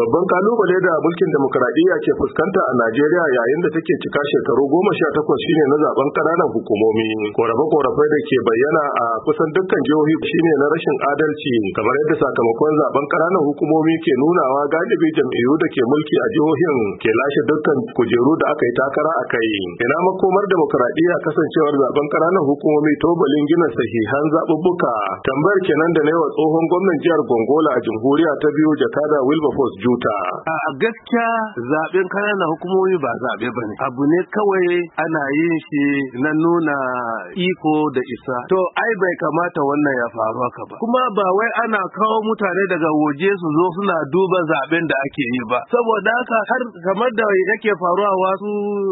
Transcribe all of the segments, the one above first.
Babban kalubale da mulkin demokuraɗiyya ke fuskanta a Najeriya yayin da take cika shekaru goma sha takwas shine na zaben kananan hukumomi. Korafe-korafai da ke bayyana a kusan dukkan jihohi shine na rashin adalci kamar yadda sakamakon zaben ƙananan hukumomi ke nunawa galibi jam'iyyu da ke mulki a jihohin ke lashe dukkan kujeru da aka yi takara a kai. Ina makomar demokuraɗiyya kasancewar zaben ƙananan hukumomi tobalin gina sahihan zaɓuɓɓuka. Tambayar kenan da na yi wa tsohon gwamnan jihar Gongola a jamhuriya ta biyu jakada Wilberforce A'a A gaskiya zaɓen ƙananan hukumomi ba zaɓe ba ne. Abu ne kawai ana yin shi na nuna iko da isa. To ai bai kamata wannan ya faru haka ba. Kuma ba wai ana kawo mutane daga waje su zo suna duba zaɓen da ake yi ba. Saboda haka har kamar da yake faruwa wasu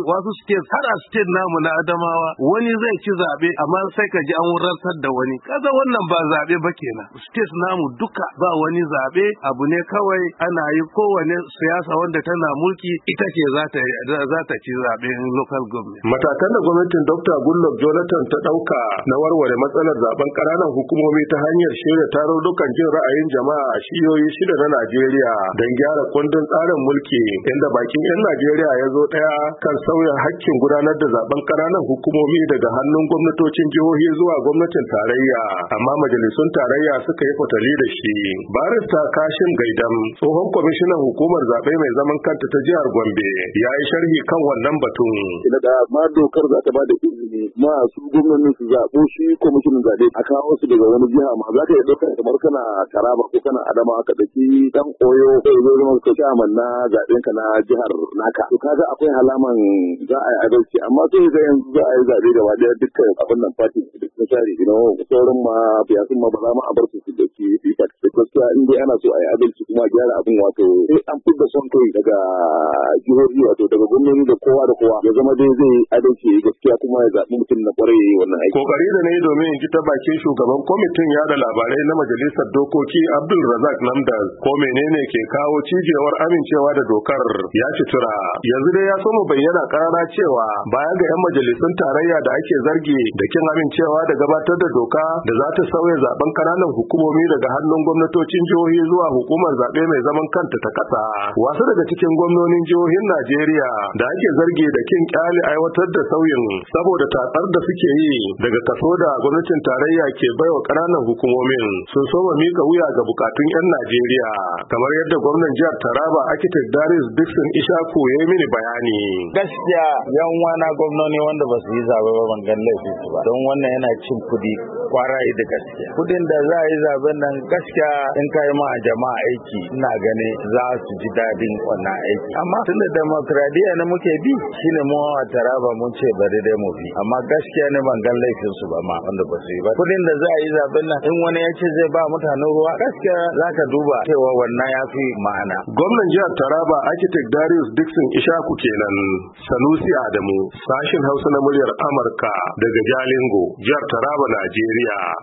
wasu states har a state namu na Adamawa wani zai ci zaɓe amma sai ka ji an rantsar da wani. Kaza wannan ba zaɓe ba kenan. State namu duka ba wani zaɓe abu ne kawai ana yi kowane siyasa wanda tana mulki ita ce za ta ci zaɓen local government. Matakan da gwamnatin Dr. Goodluck Jonathan ta ɗauka na warware matsalar zaben ƙananan hukumomi ta hanyar shirya tarurrukan jin ra'ayin jama'a a shiyoyi shida na Najeriya don gyara kundin tsarin mulki inda bakin 'yan Najeriya ya zo ɗaya kan sauya hakkin gudanar da zaben ƙananan hukumomi daga hannun gwamnatocin jihohi zuwa gwamnatin tarayya amma majalisun tarayya suka yi fatali da shi. Barista Kashin Gaidam tsohon kwamitin kwamishinan hukumar zaɓe mai zaman kanta ta jihar Gombe ya yi sharhi kan wannan batun. da ma dokar za ta bada izini ma su gwamnatin su zaɓo shi kwamishinan zaɓe a kawo su daga wani jiha ma za ka yi dokar kamar kana Karaba ko kana Adama ka ki ɗan koyo ko zo zama ka shaman na zaɓen ka na jihar naka. To kaga akwai alaman za a yi adalci amma to ga yanzu za a yi zaɓe da ɗaya dukkan abin nan fati duk na share sauran ma fiyasun ma ba za mu a bar su su ɗauki gaskiya in dai ana so a yi adalci kuma a gyara abin wato sai eh, an da son kai daga jihohi wato daga gwamnati da kowa da kowa ya zama dai zai adalci gaskiya kuma ya zaɓi mutum na kwarai ya yi wannan aiki. Kokari da na yi domin in ji ta bakin shugaban kwamitin yada labarai na majalisar dokoki Abdul Razak Lamdal ko menene ke kawo cijewar amincewa da dokar ya ci tura. Yanzu dai ya so mu bayyana karara cewa baya ga 'yan majalisun tarayya da ake zargi da kin amincewa da gabatar da doka da za ta sauya zaben kananan hukumomi daga hannun gwamnati gwamnatocin jihohi zuwa hukumar zaɓe mai zaman kanta ta kasa. wasu daga cikin gwamnonin jihohin najeriya da ake zarge da kin kyale aiwatar da sauyin saboda tatsar da suke yi daga kaso da gwamnatin tarayya ke baiwa ƙananan hukumomin sun soma mika wuya ga bukatun 'yan najeriya kamar yadda gwamnan jihar taraba akitek daris dixon ishaku ya yi mini bayani gaskiya yan wana gwamnoni wanda ba su yi zaɓe ba ban gan ba don wannan yana cin kuɗi kwarai da gaske kudin da za a yi zaben nan gaskiya in kai ma jama'a aiki ina gani za su ji dadin wannan aiki amma tunda demokradiya ne muke bi shine mu wa taraba mun ce bari dai mu bi amma gaskiya ne ban gan laifin su ba ma wanda ba su yi ba kudin da za a yi zaben nan in wani ya ce zai ba mutanen ruwa gaskiya ka duba cewa wannan ya fi ma'ana gwamnan jihar taraba architect Darius Dixon Ishaku kenan Sanusi Adamu sashin Hausa na muryar Amurka daga Jalingo jihar Taraba Najeriya yeah